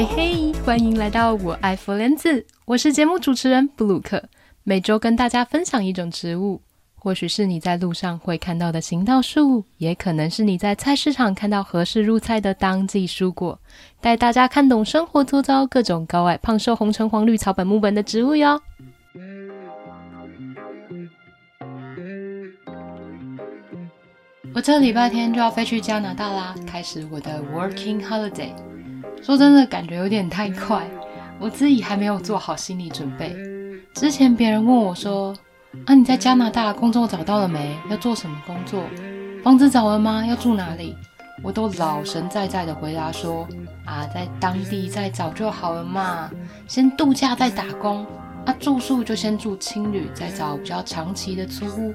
嘿，嘿，歡迎來到我愛芙蓮子，我是節目主持人布魯克，每周跟大家分享一種植物，或許是你在路上會看到的行道樹，也可能是你在菜市場看到合適入菜的當季蔬果，帶大家看懂生活周遭各種高矮、胖瘦、紅橙黃綠草本木本的植物喲。我這禮拜天就要飛去加拿大啦，開始我的 working holiday。說真的，感覺有點太快，我自己還沒有做好心理準備。之前別人問我說：“啊，你在加拿大工作找到了沒？要做什麼工作？房子找了嗎？要住哪裡？”我都老神在在的回答說：“啊，在當地再找就好了嘛，先度假再打工。啊，住宿就先住青旅，再找比較長期的租屋。”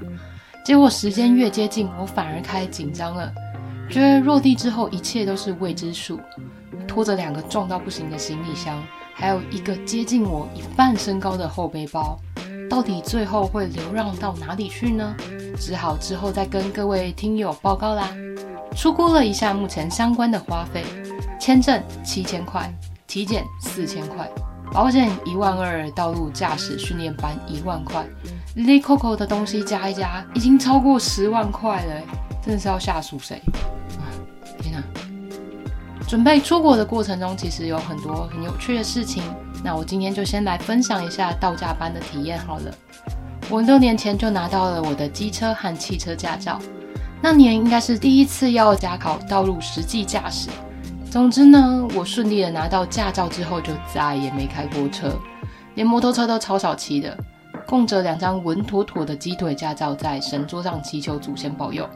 結果時間越接近，我反而開始緊張了。覺得落地之後一切都是未知數，拖着兩個重到不行的行李箱，還有一個接近我一半身高的後背包，到底最後會流浪到哪裡去呢？只好之後再跟各位聽友報告啦。粗估了一下目前相關的花費：簽證七千塊，體檢四千塊，保險一萬二，道路駕駛訓練班一萬塊，哩哩扣扣的東西加一加，已經超過十萬塊了、欸。真的是要嚇死誰啊！天哪！準備出國的過程中，其實有很多很有趣的事情。那我今天就先來分享一下道駕班的體驗好了。我很多年前就拿到了我的機車和汽車駕照，那年應該是第一次要加考道路實際駕駛。總之呢，我順利的拿到駕照之後，就再也沒開過車，連摩托車都超少騎的，供着兩張穩妥妥的雞腿駕照在神桌上祈求祖先保佑。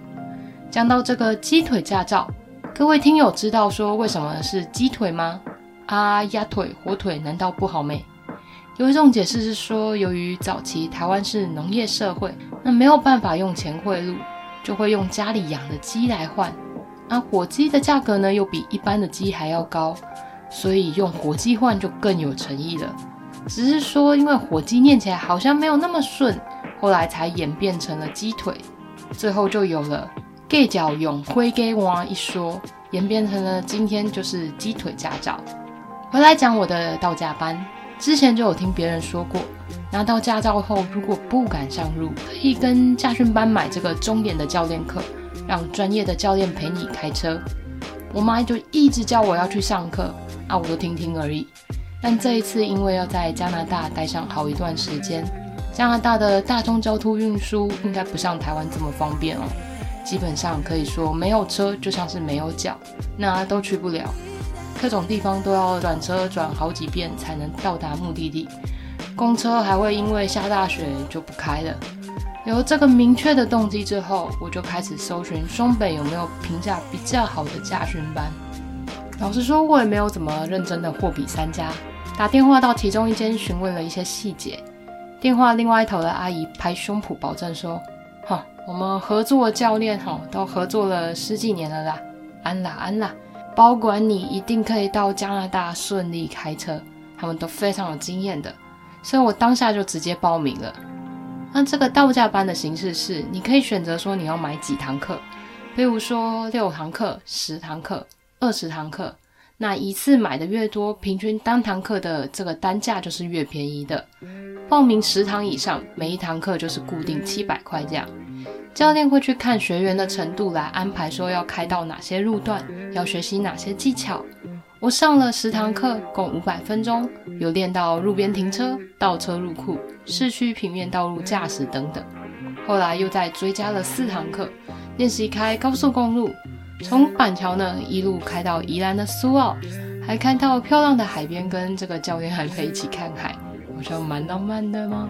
講到這個雞腿駕照，各位聽友知道說為什麼是雞腿嗎？啊，鴨腿、火腿難道不好咩？有一種解釋是說，由於早期台灣是農業社會，那沒有辦法用錢賄賂，就會用家裡養的雞來換。那火雞的價格呢，又比一般的雞還要高，所以用火雞換就更有誠意了。只是說，因為火雞念起來好像沒有那麼順，後來才演變成了雞腿，最後就有了。g e 用「腳灰 g e 娃一說，演變成了今天就是雞腿駕照。回來講我的道駕班，之前就有聽別人說過，拿到駕照後如果不敢上路，可以跟駕訓班買這個鐘點的教練課，讓專業的教練陪你開車。我媽就一直叫我要去上課，啊，我都聽聽而已。但這一次因為要在加拿大待上好一段時間，加拿大的大眾交通運輸應該不像台灣這麼方便哦。基本上可以說沒有車就像是沒有腳，那都去不了，各種地方都要轉車轉好幾遍才能到達目的地。公車還會因為下大雪就不開了。有了這個明確的動機之後，我就開始搜尋松北有沒有評價比較好的駕訓班。老實說，我也沒有怎麼認真的貨比三家，打電話到其中一間詢問了一些細節。電話另外一頭的阿姨拍胸脯保證說，我們合作的教練哈，都合作了十幾年了啦，安啦安啦，包管你一定可以到加拿大順利開車。他們都非常有經驗的，所以我當下就直接報名了。那這個道駕班的形式是，你可以選擇說你要買幾堂課，比如說六堂課、十堂課、二十堂課。那一次買的越多，平均單堂課的這個單價就是越便宜的。報名十堂以上，每一堂課就是固定七百塊這樣。教練會去看學員的程度來安排，說要開到哪些路段，要學習哪些技巧。我上了十堂課，共五百分鐘，有練到路邊停車、倒車入庫、市區平面道路駕駛等等。後來又再追加了四堂課，練習開高速公路，從板橋呢一路開到宜蘭的蘇澳，還看到漂亮的海邊，跟這個教練還可以一起看海，我覺得蠻浪漫的嗎？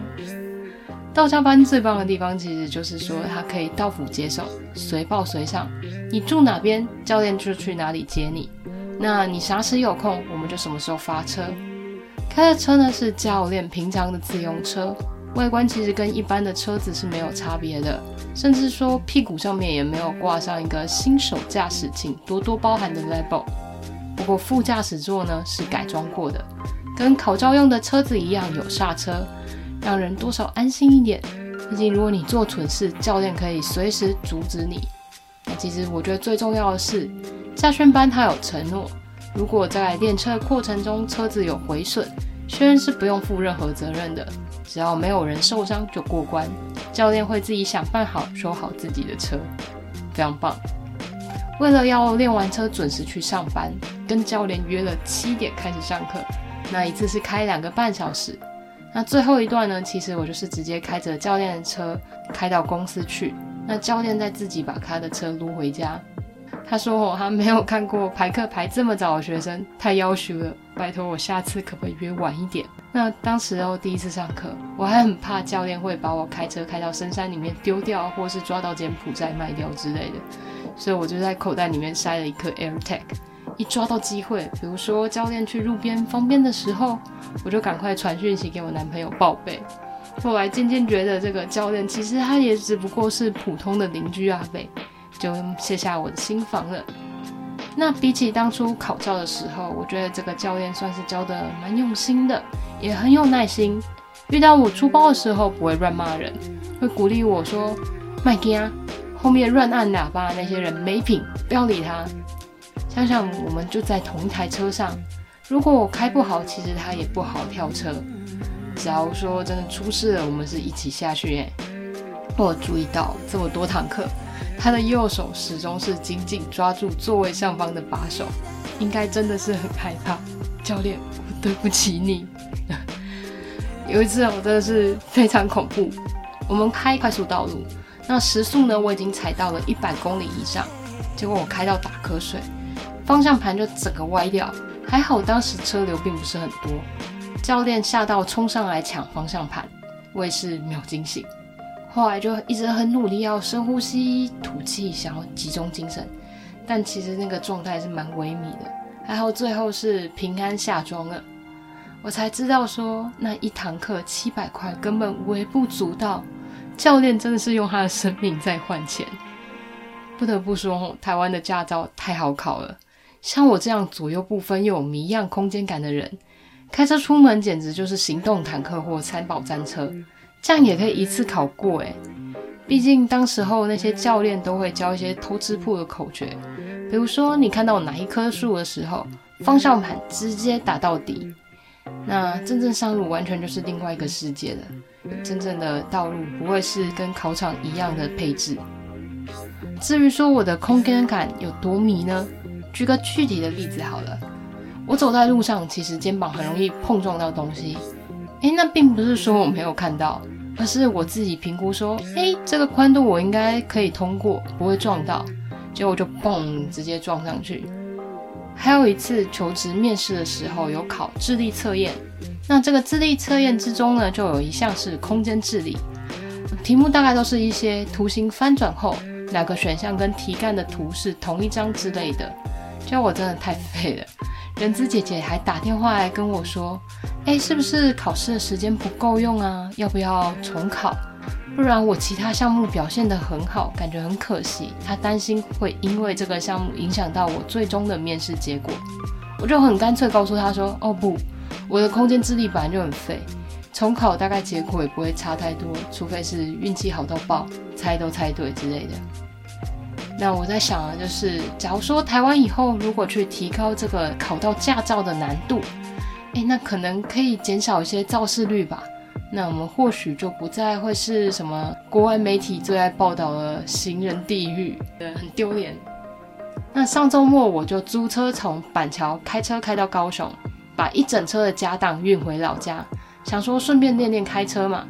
道駕班最棒的地方，其實就是說他可以到府接手，隨報隨上。你住哪邊，教練就去哪裡接你。那你啥時有空，我們就什麼時候發車。開的車呢是教練平常的自用車，外觀其實跟一般的車子是沒有差別的，甚至說屁股上面也沒有掛上一個新手駕駛，請多多包涵的 label。不過副駕駛座呢是改裝過的，跟考照用的車子一樣有剎車。讓人多少安心一點。畢竟，如果你做蠢事，教練可以隨時阻止你。那其實我覺得最重要的是，駕訓班他有承諾，如果在練車的過程中車子有毀損，學員是不用負任何責任的。只要沒有人受傷就過關，教練會自己想辦法修好自己的車，非常棒。為了要練完車準時去上班，跟教練約了七點開始上課。那一次是開兩個半小時。那最後一段呢？其實我就是直接開着教練的車開到公司去。那教練再自己把他的車擼回家。他說哦，他沒有看過排課排這麼早的學生，太夭壽了。拜托我下次可不可以約晚一點？那當時哦第一次上課，我還很怕教練會把我開車開到深山裡面丟掉，或是抓到柬埔寨賣掉之類的。所以我就在口袋裡面塞了一顆 AirTag。一抓到機會，比如說教練去路邊方便的時候，我就趕快傳訊息給我男朋友報備。後來漸漸覺得這個教練其實他也只不過是普通的鄰居阿北，就卸下我的心防了。那比起當初考照的時候，我覺得這個教練算是教得蠻用心的，也很有耐心。遇到我出包的時候，不會亂罵人，會鼓勵我說：“麥聽啊，後面亂按喇叭那些人沒品，不要理他。”想想我們就在同一台車上，如果我開不好，其實他也不好跳車。假如說真的出事了，我們是一起下去耶。我、哦、注意到這麼多堂課，他的右手始終是緊緊抓住座位上方的把手，應該真的是很害怕。教練，我對不起你。 有一次我、哦、真的是非常恐怖，我們開快速道路，那時速呢，我已經踩到了一百公里以上，結果我開到打瞌睡。方向盤就整個歪掉，還好當時車流並不是很多，教練嚇到衝上來搶方向盤，我也是秒驚醒，後來就一直很努力要、哦、深呼吸、吐氣，想要集中精神，但其實那個狀態是蠻萎靡的，還好最後是平安下莊了，我才知道說那一堂課七百塊根本微不足道，教練真的是用他的生命在換錢，不得不說台灣的駕照太好考了。像我這樣左右不分又有謎一樣空間感的人，開車出門簡直就是行動坦克或三寶戰車。這樣也可以一次考過誒。畢竟當時候那些教練都會教一些偷吃步的口訣，比如說你看到哪一棵樹的時候，方向盤直接打到底。那真正上路完全就是另外一個世界了，真正的道路不會是跟考場一樣的配置。至於說我的空間感有多迷呢？舉個具體的例子好了，我走在路上，其實肩膀很容易碰撞到東西。誒，那並不是說我沒有看到，而是我自己評估說，誒，這個寬度我應該可以通過，不會撞到。結果就嘣，直接撞上去。還有一次求職面試的時候，有考智力測驗。那這個智力測驗之中呢，就有一項是空間智力，題目大概都是一些圖形翻轉後，兩個選項跟題幹的圖是同一張之類的。就我真的太廢了，人資姐姐還打電話來跟我說，哎、欸，是不是考試的時間不夠用啊？要不要重考？不然我其他項目表現得很好，感覺很可惜。她擔心會因為這個項目影響到我最終的面試結果，我就很乾脆告訴她說，哦不，我的空間智力本來就很廢，重考大概結果也不會差太多，除非是運氣好到爆，猜都猜對之類的。那我在想啊，就是假如說台灣以後如果去提高這個考到駕照的難度，誒、欸，那可能可以減少一些肇事率吧。那我們或許就不再會是什麼國外媒體最愛報道的行人地獄，對，很丟臉。那上週末我就租車從板橋開車開到高雄，把一整車的家當運回老家，想說順便練練開車嘛。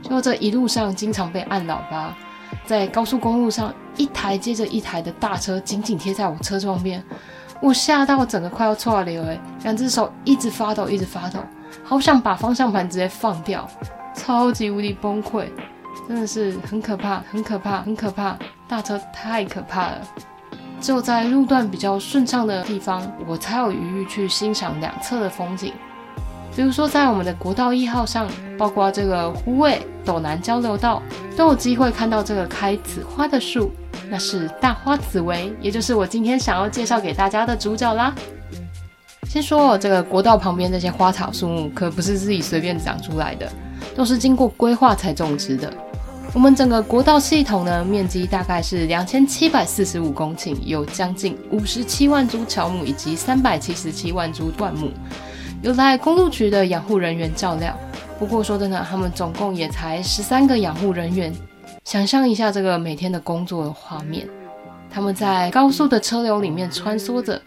就這一路上經常被按喇叭，在高速公路上。一台接着一台的大車緊緊貼在我車窗邊，我嚇到整個快要剉賽了欸，兩隻手一直發抖，一直發抖，好想把方向盤直接放掉，超級無敵崩潰，真的是很可怕，很可怕，很可怕，大車太可怕了。只有在路段比較順暢的地方，我才有餘裕去欣賞兩側的風景。比如說，在我們的國道一號上，包括這個虎尾斗南交流道，都有機會看到這個開紫花的樹，那是大花紫薇，也就是我今天想要介紹給大家的主角啦。先說這個國道旁邊這些花草樹木，可不是自己隨便長出來的，都是經過規劃才種植的。我們整個國道系統呢，面積大概是兩千七百四十五公頃，有將近五十七萬株喬木以及三百七十七萬株灌木。有在公路局的養護人員照料。不過說真的，他們總共也才十三個養護人員。想象一下這個每天的工作的畫面，他們在高速的車流裡面穿梭着，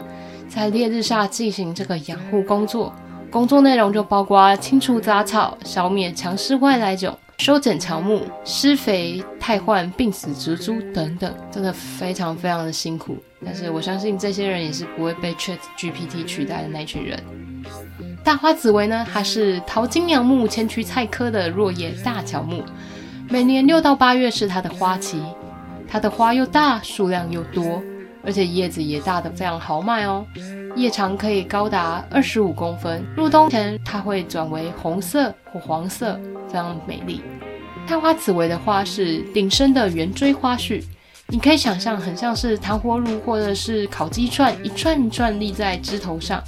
在烈日下進行這個養護工作。工作內容就包括清除雜草、消滅強勢外來種、修剪喬木、施肥、汰換病死植株等等，真的非常非常的辛苦。但是我相信這些人也是不會被 ChatGPT 取代的那群人。大花紫薇呢，它是桃金娘目千屈菜科的落葉大喬木，每年六到八月是它的花期，它的花又大，數量又多，而且葉子也大得非常豪邁哦，葉長可以高達二十五公分，入冬前它會轉為紅色或黃色，非常美麗。大花紫薇的花是頂生的圓錐花序，你可以想象很像是糖葫蘆或者是烤雞串，一串一串立在枝頭上。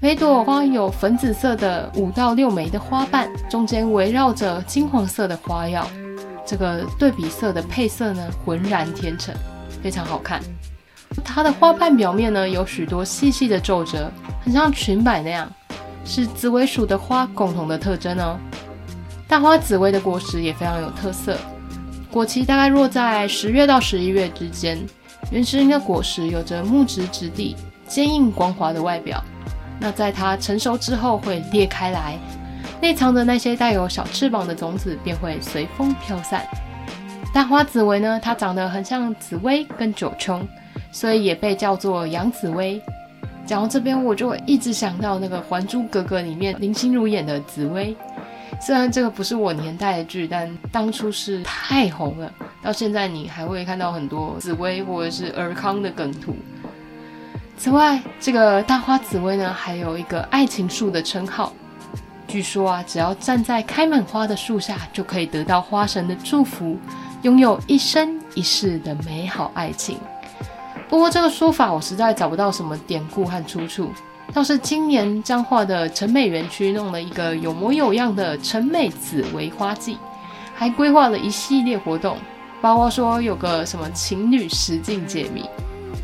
每朵花有粉紫色的五到六枚的花瓣，中間圍繞着金黃色的花藥。這個對比色的配色呢，渾然天成，非常好看。它的花瓣表面呢，有許多細細的皺褶，很像裙擺那樣，是紫薇屬的花共同的特徵哦。大花紫薇的果實也非常有特色，果期大概落在十月到十一月之間。圓錐形的果實有着木質質地、堅硬光滑的外表。那在它成熟之後會裂開來，內藏的那些帶有小翅膀的種子便會隨風飄散。大花紫薇呢，它長得很像紫薇跟九芎，所以也被叫做洋紫薇。講到這邊，我就一直想到那個《還珠格格》裡面林心如演的紫薇。雖然這個不是我年代的劇，但當初是太紅了，到現在你還會看到很多紫薇或者是爾康的梗圖。此外，這個大花紫薇呢，還有一個愛情樹的稱號。據說啊，只要站在開滿花的樹下，就可以得到花神的祝福，擁有一生一世的美好愛情。不過這個說法我實在找不到什麼典故和出處。倒是今年彰化的成美園區弄了一個有模有樣的成美紫薇花季，還規劃了一系列活動，包括說有個什麼情侶實境解謎。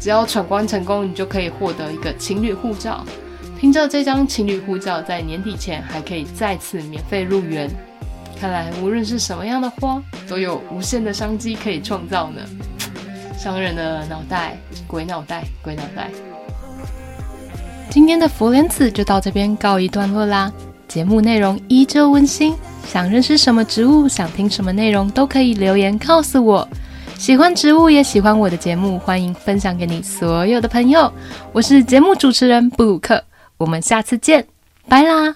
只要闖關成功，你就可以獲得一個情侶護照。憑着這張情侶護照，在年底前還可以再次免費入園。看來無論是什麼樣的花，都有無限的商機可以創造呢。商人的腦袋，鬼腦袋，鬼腦袋。今天的佛蓮子就到這邊告一段落啦。節目內容依舊溫馨，想認識什麼植物，想聽什麼內容，都可以留言告訴我。喜歡植物也喜歡我的節目，歡迎分享給你所有的朋友。我是節目主持人布魯克，我們下次見，拜啦。